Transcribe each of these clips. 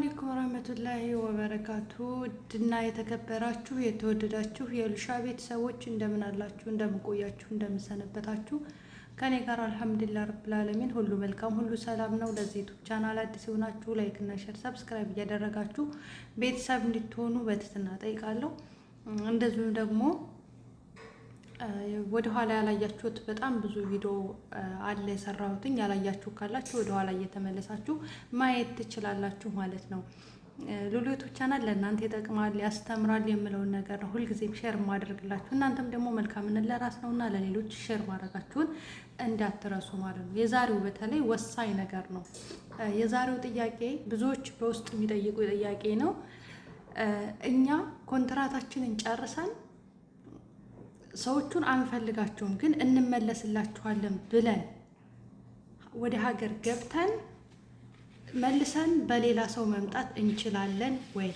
አለይኩም ወራህመቱላሂ ወበረካቱ ድና የተከበራችሁ የተወደዳችሁ የሉሻ ቤተሰቦች እንደምን አላችሁ? እንደምን ቆያችሁ? እንደምን ሰነበታችሁ? ከኔ ጋር አልሐምዱሊላህ ረብል ዓለሚን ሁሉ መልካም ሁሉ ሰላም ነው። ለዚህ ዩቲዩብ ቻናል አዲስ የሆናችሁ ላይክ እና ሼር፣ ሰብስክራይብ እያደረጋችሁ ቤተሰብ እንድትሆኑ በትህትና ጠይቃለሁ። እንደዚሁም ደግሞ ወደኋላ ያላያችሁት በጣም ብዙ ቪዲዮ አለ የሰራሁትኝ። ያላያችሁ ካላችሁ ወደኋላ እየተመለሳችሁ ማየት ትችላላችሁ ማለት ነው። ሉሊቱ ቻናል ለእናንተ ይጠቅማል፣ ያስተምራል የምለውን ነገር ነው ሁልጊዜም ሼር ማድረግላችሁ። እናንተም ደግሞ መልካምነት ለራስ ነውና ለሌሎች ሼር ማድረጋችሁን እንዳትረሱ ማለት ነው። የዛሬው በተለይ ወሳኝ ነገር ነው። የዛሬው ጥያቄ ብዙዎች በውስጥ የሚጠይቁ ጥያቄ ነው። እኛ ኮንትራታችንን ጨርሰን ሰዎቹን አንፈልጋቸውም ግን እንመለስላችኋለን ብለን ወደ ሀገር ገብተን መልሰን በሌላ ሰው መምጣት እንችላለን ወይ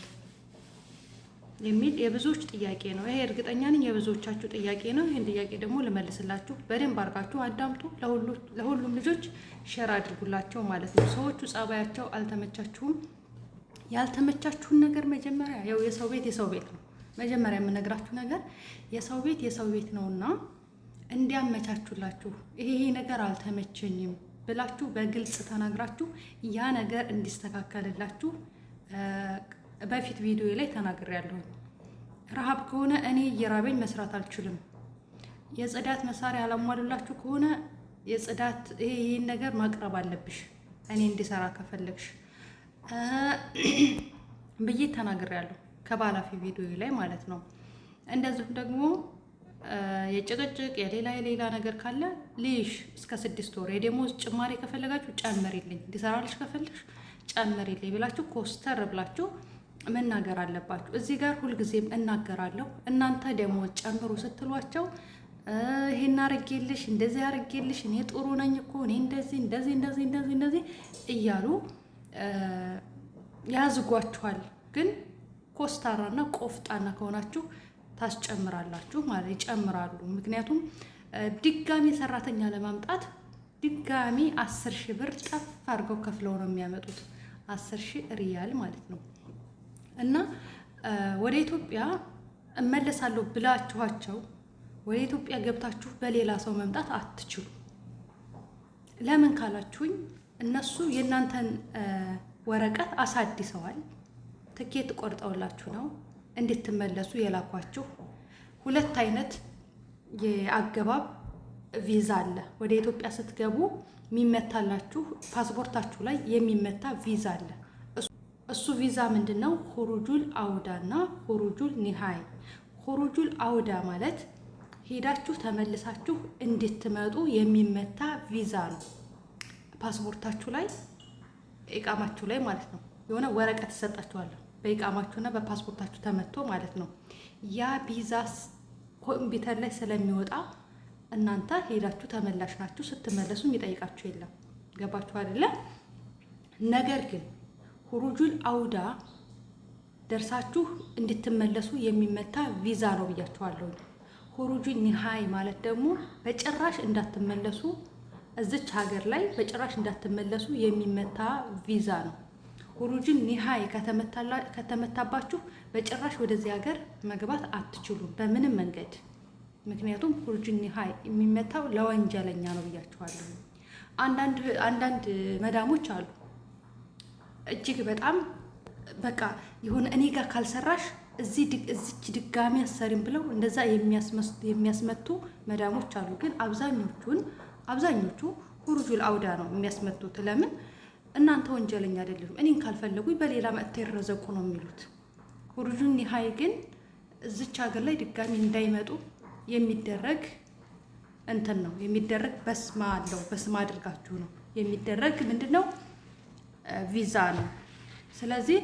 የሚል የብዙዎች ጥያቄ ነው። ይሄ እርግጠኛ ነኝ የብዙዎቻችሁ ጥያቄ ነው። ይህን ጥያቄ ደግሞ ልመልስላችሁ። በደንብ አድርጋችሁ አዳምጡ። ለሁሉም ልጆች ሸር አድርጉላቸው ማለት ነው። ሰዎቹ ጸባያቸው አልተመቻችሁም። ያልተመቻችሁን ነገር መጀመሪያ ያው የሰው ቤት የሰው ቤት ነው መጀመሪያ የምነግራችሁ ነገር የሰው ቤት የሰው ቤት ነውና እንዲያመቻቹላችሁ ይሄ ነገር አልተመቸኝም ብላችሁ በግልጽ ተናግራችሁ ያ ነገር እንዲስተካከልላችሁ በፊት ቪዲዮ ላይ ተናግሬያለሁ። ረሃብ ከሆነ እኔ እየራበኝ መስራት አልችልም። የጽዳት መሳሪያ አላሟልላችሁ ከሆነ የጽዳት ይሄን ነገር ማቅረብ አለብሽ እኔ እንዲሰራ ከፈለግሽ ብዬ ተናግሬያለሁ። ከባላፊ ቪዲዮ ላይ ማለት ነው። እንደዚሁም ደግሞ የጭቅጭቅ የሌላ የሌላ ነገር ካለ ልይሽ እስከ ስድስት ወር የደሞዝ ጭማሪ ከፈለጋችሁ ጨምሪልኝ፣ እንዲሰራልሽ ከፈለግሽ ጨምሪልኝ ብላችሁ ኮስተር ብላችሁ መናገር አለባችሁ። እዚህ ጋር ሁልጊዜም እናገራለሁ። እናንተ ደሞዝ ጨምሩ ስትሏቸው ይሄን አርጌልሽ እንደዚህ አርጌልሽ እኔ ጥሩ ነኝ እኮ እኔ እንደዚህ እንደዚህ እንደዚህ እንደዚህ እንደዚህ እያሉ ያዝጓችኋል ግን ኮስታራና ቆፍጣና ከሆናችሁ ታስጨምራላችሁ ማለት ይጨምራሉ። ምክንያቱም ድጋሚ ሰራተኛ ለማምጣት ድጋሚ አስር ሺህ ብር ጠፍ አድርገው ከፍለው ነው የሚያመጡት። አስር ሺህ ሪያል ማለት ነው እና ወደ ኢትዮጵያ እመለሳለሁ ብላችኋቸው ወደ ኢትዮጵያ ገብታችሁ በሌላ ሰው መምጣት አትችሉ። ለምን ካላችሁኝ እነሱ የእናንተን ወረቀት አሳድሰዋል። ትኬት ቆርጠውላችሁ ነው እንድትመለሱ የላኳችሁ። ሁለት አይነት የአገባብ ቪዛ አለ። ወደ ኢትዮጵያ ስትገቡ የሚመታላችሁ ፓስፖርታችሁ ላይ የሚመታ ቪዛ አለ። እሱ ቪዛ ምንድን ነው? ሁሩጁል አውዳ እና ሁሩጁል ኒሃይ። ሁሩጁል አውዳ ማለት ሄዳችሁ ተመልሳችሁ እንድትመጡ የሚመታ ቪዛ ነው። ፓስፖርታችሁ ላይ እቃማችሁ ላይ ማለት ነው። የሆነ ወረቀት ይሰጣችኋለሁ በኢቃማችሁና በፓስፖርታችሁ ተመቶ ማለት ነው። ያ ቪዛ ኮምፒውተር ላይ ስለሚወጣ እናንተ ሄዳችሁ ተመላሽ ናችሁ። ስትመለሱ የሚጠይቃችሁ የለም። ገባችሁ አይደለ? ነገር ግን ሁሩጁል አውዳ ደርሳችሁ እንድትመለሱ የሚመታ ቪዛ ነው ብያችኋለሁ። ሁሩጁል ኒሃይ ማለት ደግሞ በጭራሽ እንዳትመለሱ እዚች ሀገር ላይ በጭራሽ እንዳትመለሱ የሚመታ ቪዛ ነው። ሁሩጅን ኒሃይ ከተመታባችሁ በጭራሽ ወደዚህ ሀገር መግባት አትችሉም በምንም መንገድ። ምክንያቱም ሁሩጅን ኒሃይ የሚመታው ለወንጀለኛ ነው ብያችኋለሁ። አንዳንድ መዳሞች አሉ እጅግ በጣም በቃ የሆነ እኔ ጋር ካልሰራሽ እዚች ድጋሚ አሰሪም ብለው እንደዛ የሚያስመቱ መዳሞች አሉ። ግን አብዛኞቹን አብዛኞቹ ሁሩጁል አውዳ ነው የሚያስመቱት ለምን እናንተ ወንጀለኛ አይደለም፣ እኔን ካልፈለጉኝ በሌላ መጥታ ይረዘቁ ነው የሚሉት። ሁርጁን ኒሀይ ግን እዚች ሀገር ላይ ድጋሚ እንዳይመጡ የሚደረግ እንትን ነው የሚደረግ በስማ አለው በስማ አድርጋችሁ ነው የሚደረግ ምንድን ነው ቪዛ ነው። ስለዚህ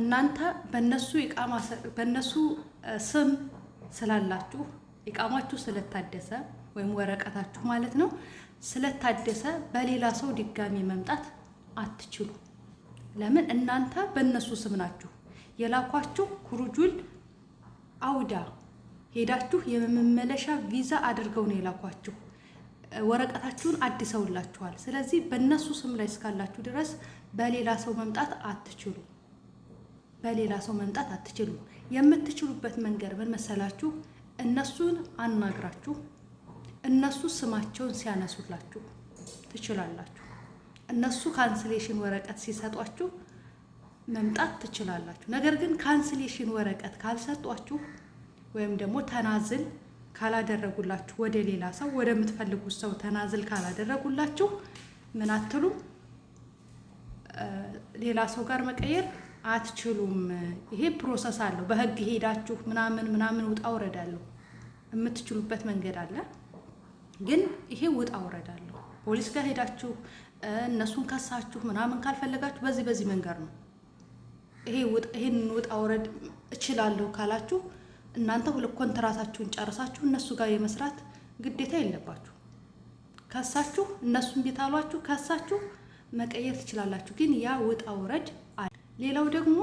እናንተ በነሱ ኢቃማ በነሱ ስም ስላላችሁ ኢቃማችሁ ስለታደሰ ወይም ወረቀታችሁ ማለት ነው ስለታደሰ በሌላ ሰው ድጋሚ መምጣት አትችሉ። ለምን እናንተ በእነሱ ስም ናችሁ። የላኳችሁ ኩሩጁል አውዳ ሄዳችሁ የመመለሻ ቪዛ አድርገው ነው የላኳችሁ። ወረቀታችሁን አድሰውላችኋል። ስለዚህ በእነሱ ስም ላይ እስካላችሁ ድረስ በሌላ ሰው መምጣት አትችሉ። በሌላ ሰው መምጣት አትችሉ። የምትችሉበት መንገድ ምን መሰላችሁ? እነሱን አናግራችሁ እነሱ ስማቸውን ሲያነሱላችሁ ትችላላችሁ። እነሱ ካንስሌሽን ወረቀት ሲሰጧችሁ መምጣት ትችላላችሁ። ነገር ግን ካንስሌሽን ወረቀት ካልሰጧችሁ ወይም ደግሞ ተናዝል ካላደረጉላችሁ ወደ ሌላ ሰው ወደ የምትፈልጉት ሰው ተናዝል ካላደረጉላችሁ ምን አትሉም፣ ሌላ ሰው ጋር መቀየር አትችሉም። ይሄ ፕሮሰስ አለው። በህግ ሄዳችሁ ምናምን ምናምን ውጣ ውረዳለሁ የምትችሉበት መንገድ አለ፣ ግን ይሄ ውጣ ውረዳለሁ ፖሊስ ጋር ሄዳችሁ እነሱን ከሳችሁ ምናምን ካልፈለጋችሁ በዚህ በዚህ መንገድ ነው ይሄ ይሄን ውጣ ውረድ እችላለሁ ካላችሁ እናንተ ሁለት ኮንትራታችሁን ጨርሳችሁ እነሱ ጋር የመስራት ግዴታ የለባችሁ። ከሳችሁ እነሱን ቤት አሏችሁ ከሳችሁ መቀየር ትችላላችሁ። ግን ያ ውጣ ውረድ አለ። ሌላው ደግሞ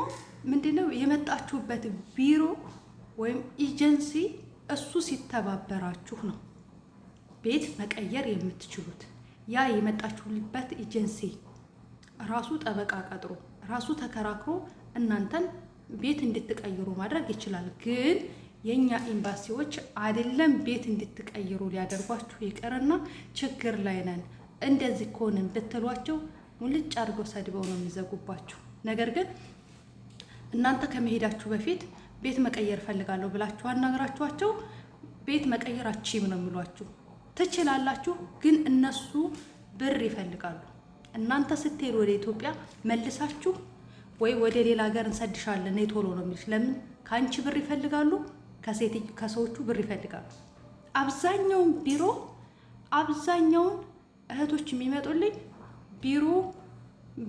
ምንድነው የመጣችሁበት ቢሮ ወይም ኤጀንሲ እሱ ሲተባበራችሁ ነው ቤት መቀየር የምትችሉት። ያ የመጣችሁበት ኤጀንሲ ራሱ ጠበቃ ቀጥሮ ራሱ ተከራክሮ እናንተን ቤት እንድትቀይሩ ማድረግ ይችላል። ግን የእኛ ኤምባሲዎች አይደለም ቤት እንድትቀይሩ ሊያደርጓችሁ ይቅርና ችግር ላይ ነን እንደዚህ ከሆንን ብትሏቸው ሙልጭ አድርገው ሰድበው ነው የሚዘጉባችሁ። ነገር ግን እናንተ ከመሄዳችሁ በፊት ቤት መቀየር ፈልጋለሁ ብላችሁ አናግራችኋቸው ቤት መቀየር አችም ነው የሚሏችሁ። ትችላላችሁ፣ ግን እነሱ ብር ይፈልጋሉ። እናንተ ስትሄዱ ወደ ኢትዮጵያ መልሳችሁ ወይ ወደ ሌላ ሀገር እንሰድሻለን የቶሎ ነው የሚልሽ። ለምን ከአንቺ ብር ይፈልጋሉ፣ ከሰዎቹ ብር ይፈልጋሉ። አብዛኛውን ቢሮ አብዛኛውን እህቶች የሚመጡልኝ ቢሮ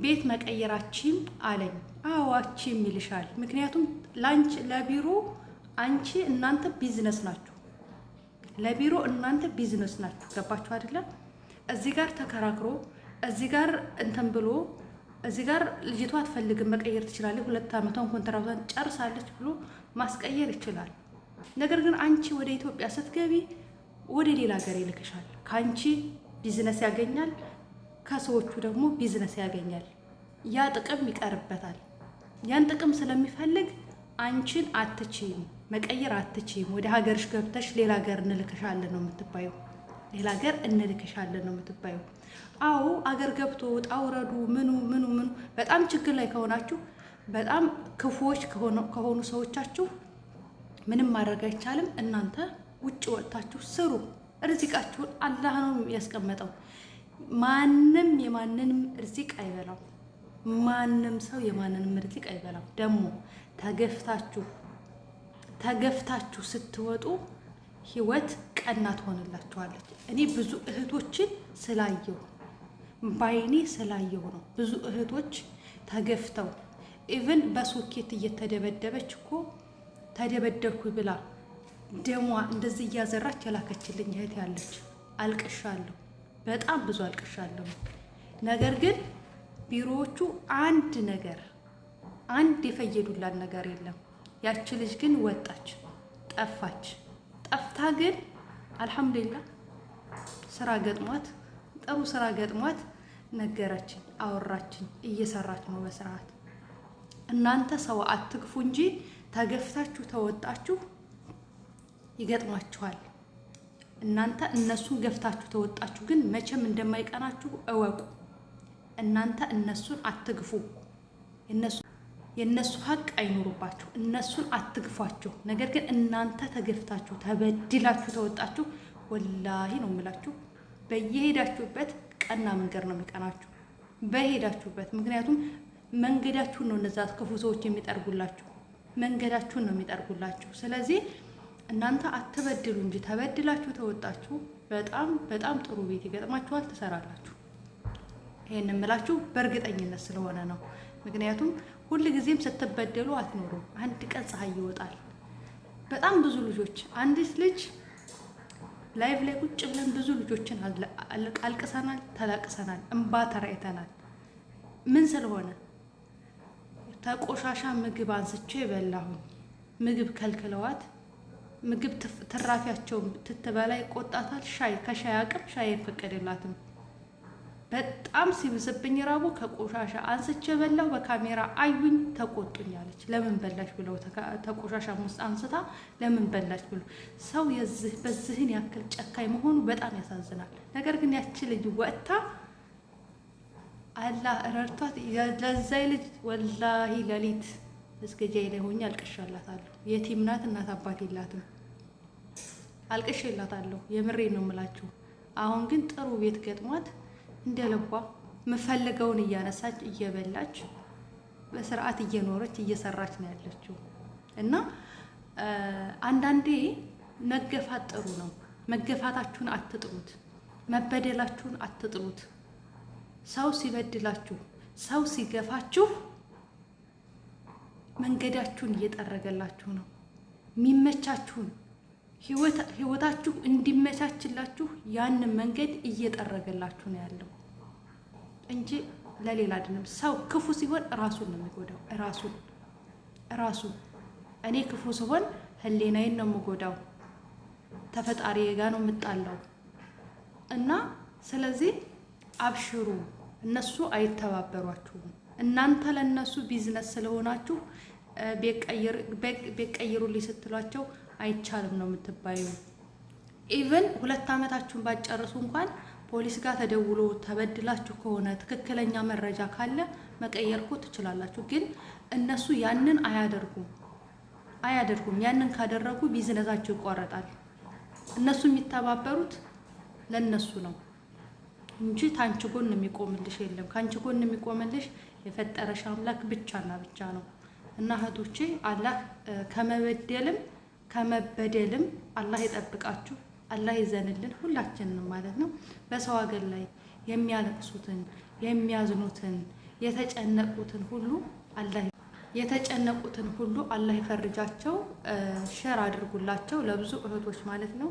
ቤት መቀየራችን አለኝ። አዋቺ ይልሻል። ምክንያቱም ለአንቺ ለቢሮ አንቺ እናንተ ቢዝነስ ናችሁ ለቢሮ እናንተ ቢዝነስ ናችሁ። ገባችሁ አይደለም? እዚህ ጋር ተከራክሮ እዚህ ጋር እንትን ብሎ እዚህ ጋር ልጅቷ አትፈልግም መቀየር ትችላለች፣ ሁለት ዓመቷን ኮንትራቷን ጨርሳለች ብሎ ማስቀየር ይችላል። ነገር ግን አንቺ ወደ ኢትዮጵያ ስትገቢ ወደ ሌላ ሀገር ይልክሻል። ከአንቺ ቢዝነስ ያገኛል፣ ከሰዎቹ ደግሞ ቢዝነስ ያገኛል። ያ ጥቅም ይቀርበታል። ያን ጥቅም ስለሚፈልግ አንቺን አትችይም። መቀየር አትችም። ወደ ሀገርሽ ገብተሽ ሌላ ሀገር እንልክሻለን ነው የምትባየው። ሌላ ሀገር እንልክሻለን ነው የምትባየው። አዎ አገር ገብቶ ውጣ ውረዱ ምኑ ምኑ ምኑ በጣም ችግር ላይ ከሆናችሁ በጣም ክፉዎች ከሆኑ ሰዎቻችሁ ምንም ማድረግ አይቻልም። እናንተ ውጭ ወጥታችሁ ስሩ። ርዚቃችሁን አላህ ነው ያስቀመጠው። ማንም የማንንም ርዚቅ አይበላም። ማንም ሰው የማንንም ርዚቅ አይበላም። ደግሞ ተገፍታችሁ ተገፍታችሁ ስትወጡ ህይወት ቀና ትሆንላችኋለች። እኔ ብዙ እህቶችን ስላየሁ ባይኔ ስላየሁ ነው። ብዙ እህቶች ተገፍተው ኢቭን በሶኬት እየተደበደበች እኮ ተደበደብኩ ብላ ደሟ እንደዚህ እያዘራች የላከችልኝ እህት ያለች አልቅሻለሁ። በጣም ብዙ አልቅሻለሁ። ነገር ግን ቢሮዎቹ አንድ ነገር አንድ የፈየዱላን ነገር የለም። ያቺ ልጅ ግን ወጣች፣ ጠፋች። ጠፍታ ግን አልሐምዱሊላ ስራ ገጥሟት ጥሩ ስራ ገጥሟት ነገረችን፣ አወራችን። እየሰራች ነው በስርዓት። እናንተ ሰው አትግፉ እንጂ ተገፍታችሁ ተወጣችሁ ይገጥማችኋል። እናንተ እነሱን ገፍታችሁ ተወጣችሁ ግን መቼም እንደማይቀናችሁ እወቁ። እናንተ እነሱን አትግፉ እነሱ የእነሱ ሀቅ አይኖሩባችሁ፣ እነሱን አትግፏቸው። ነገር ግን እናንተ ተገፍታችሁ ተበድላችሁ ተወጣችሁ፣ ወላሂ ነው የምላችሁ፣ በየሄዳችሁበት ቀና መንገድ ነው የሚቀናችሁ በሄዳችሁበት። ምክንያቱም መንገዳችሁን ነው እነዛ ክፉ ሰዎች የሚጠርጉላችሁ፣ መንገዳችሁን ነው የሚጠርጉላችሁ። ስለዚህ እናንተ አትበድሉ እንጂ ተበድላችሁ ተወጣችሁ፣ በጣም በጣም ጥሩ ቤት ይገጥማችኋል፣ ትሰራላችሁ። ይሄን የምላችሁ በእርግጠኝነት ስለሆነ ነው ምክንያቱም ሁል ጊዜም ስትበደሉ አትኖሩ። አንድ ቀን ፀሐይ ይወጣል። በጣም ብዙ ልጆች አንዲት ልጅ ላይቭ ላይ ቁጭ ብለን ብዙ ልጆችን አልቅሰናል፣ ተላቅሰናል፣ እንባ ተራይተናል። ምን ስለሆነ ተቆሻሻ ምግብ አንስቼ የበላሁኝ ምግብ ከልክለዋት ምግብ ትራፊያቸውን ትትበላ ይቆጣታል። ሻይ ከሻይ አቅም ሻይ አይፈቀድላትም። በጣም ሲብስብኝ ራቡ ከቆሻሻ አንስቼ በላሁ። በካሜራ አዩኝ፣ ተቆጡኛለች። ለምን በላሽ ብለው ተቆሻሻ ውስጥ አንስታ ለምን በላሽ ብሎ ሰው በዚህን ያክል ጨካኝ መሆኑ በጣም ያሳዝናል። ነገር ግን ያቺ ልጅ ወጥታ አላህ ረድቷት፣ ለዛይ ልጅ ወላሂ ለሊት መስገጃዬ ላይ ሆኜ አልቅሻላታለሁ። የቲም ናት፣ እናት አባት የላትም። አልቅሼላታለሁ። የምሬ ነው የምላችሁ። አሁን ግን ጥሩ ቤት ገጥሟት እንደ ልቧ የምፈልገውን እያነሳች እየበላች በስርዓት እየኖረች እየሰራች ነው ያለችው። እና አንዳንዴ መገፋት ጥሩ ነው። መገፋታችሁን አትጥሉት፣ መበደላችሁን አትጥሉት። ሰው ሲበድላችሁ፣ ሰው ሲገፋችሁ መንገዳችሁን እየጠረገላችሁ ነው የሚመቻችሁን ህይወታችሁ እንዲመቻችላችሁ ያንን መንገድ እየጠረገላችሁ ነው ያለው እንጂ ለሌላ አይደለም። ሰው ክፉ ሲሆን ራሱን ነው የሚጎዳው። ራሱን ራሱን እኔ ክፉ ሲሆን ህሌናዬን ነው የምጎዳው፣ ተፈጣሪ ጋ ነው የምጣለው። እና ስለዚህ አብሽሩ፣ እነሱ አይተባበሯችሁም። እናንተ ለእነሱ ቢዝነስ ስለሆናችሁ ቤቀይሩልኝ ስትሏቸው አይቻልም ነው የምትባዩ። ኢቨን ሁለት ዓመታችሁን ባጨርሱ እንኳን ፖሊስ ጋር ተደውሎ ተበድላችሁ ከሆነ ትክክለኛ መረጃ ካለ መቀየር እኮ ትችላላችሁ። ግን እነሱ ያንን አያደርጉም አያደርጉም። ያንን ካደረጉ ቢዝነሳቸው ይቋረጣል። እነሱ የሚተባበሩት ለእነሱ ነው እንጂ ታንቺ ጎን የሚቆምልሽ የለም። ከአንቺ ጎን የሚቆምልሽ የፈጠረሽ አምላክ ብቻና ብቻ ነው። እና እህቶቼ አላህ ከመበደልም ከመበደልም አላህ ይጠብቃችሁ፣ አላህ ይዘንልን ሁላችንንም ማለት ነው። በሰው ሀገር ላይ የሚያለቅሱትን የሚያዝኑትን የተጨነቁትን ሁሉ አላህ የተጨነቁትን ሁሉ አላህ ይፈርጃቸው። ሸር አድርጉላቸው ለብዙ እህቶች ማለት ነው።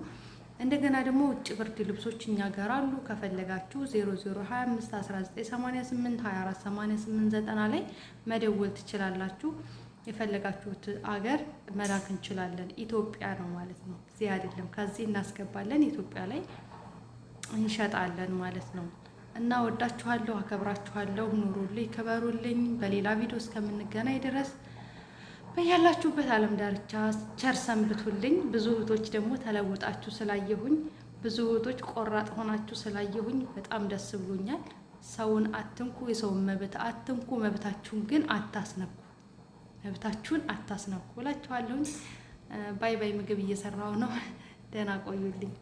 እንደገና ደግሞ ውጭ ብርድ ልብሶች እኛ ጋር አሉ። ከፈለጋችሁ 00251988248890 ላይ መደወል ትችላላችሁ። የፈለጋችሁት አገር መላክ እንችላለን። ኢትዮጵያ ነው ማለት ነው። እዚህ አይደለም፣ ከዚህ እናስገባለን። ኢትዮጵያ ላይ እንሸጣለን ማለት ነው። እና ወዳችኋለሁ፣ አከብራችኋለሁ። ኑሩልኝ፣ ክበሩልኝ። በሌላ ቪዲዮ እስከምንገናኝ ድረስ በያላችሁበት ዓለም ዳርቻ ቸር ሰንብቱልኝ። ብዙ እህቶች ደግሞ ተለውጣችሁ ስላየሁኝ፣ ብዙ እህቶች ቆራጥ ሆናችሁ ስላየሁኝ በጣም ደስ ብሎኛል። ሰውን አትንኩ፣ የሰውን መብት አትንኩ፣ መብታችሁን ግን አታስነኩ፣ መብታችሁን አታስነኩ እላችኋለሁኝ። ባይ ባይ። ምግብ እየሰራው ነው። ደህና ቆዩልኝ።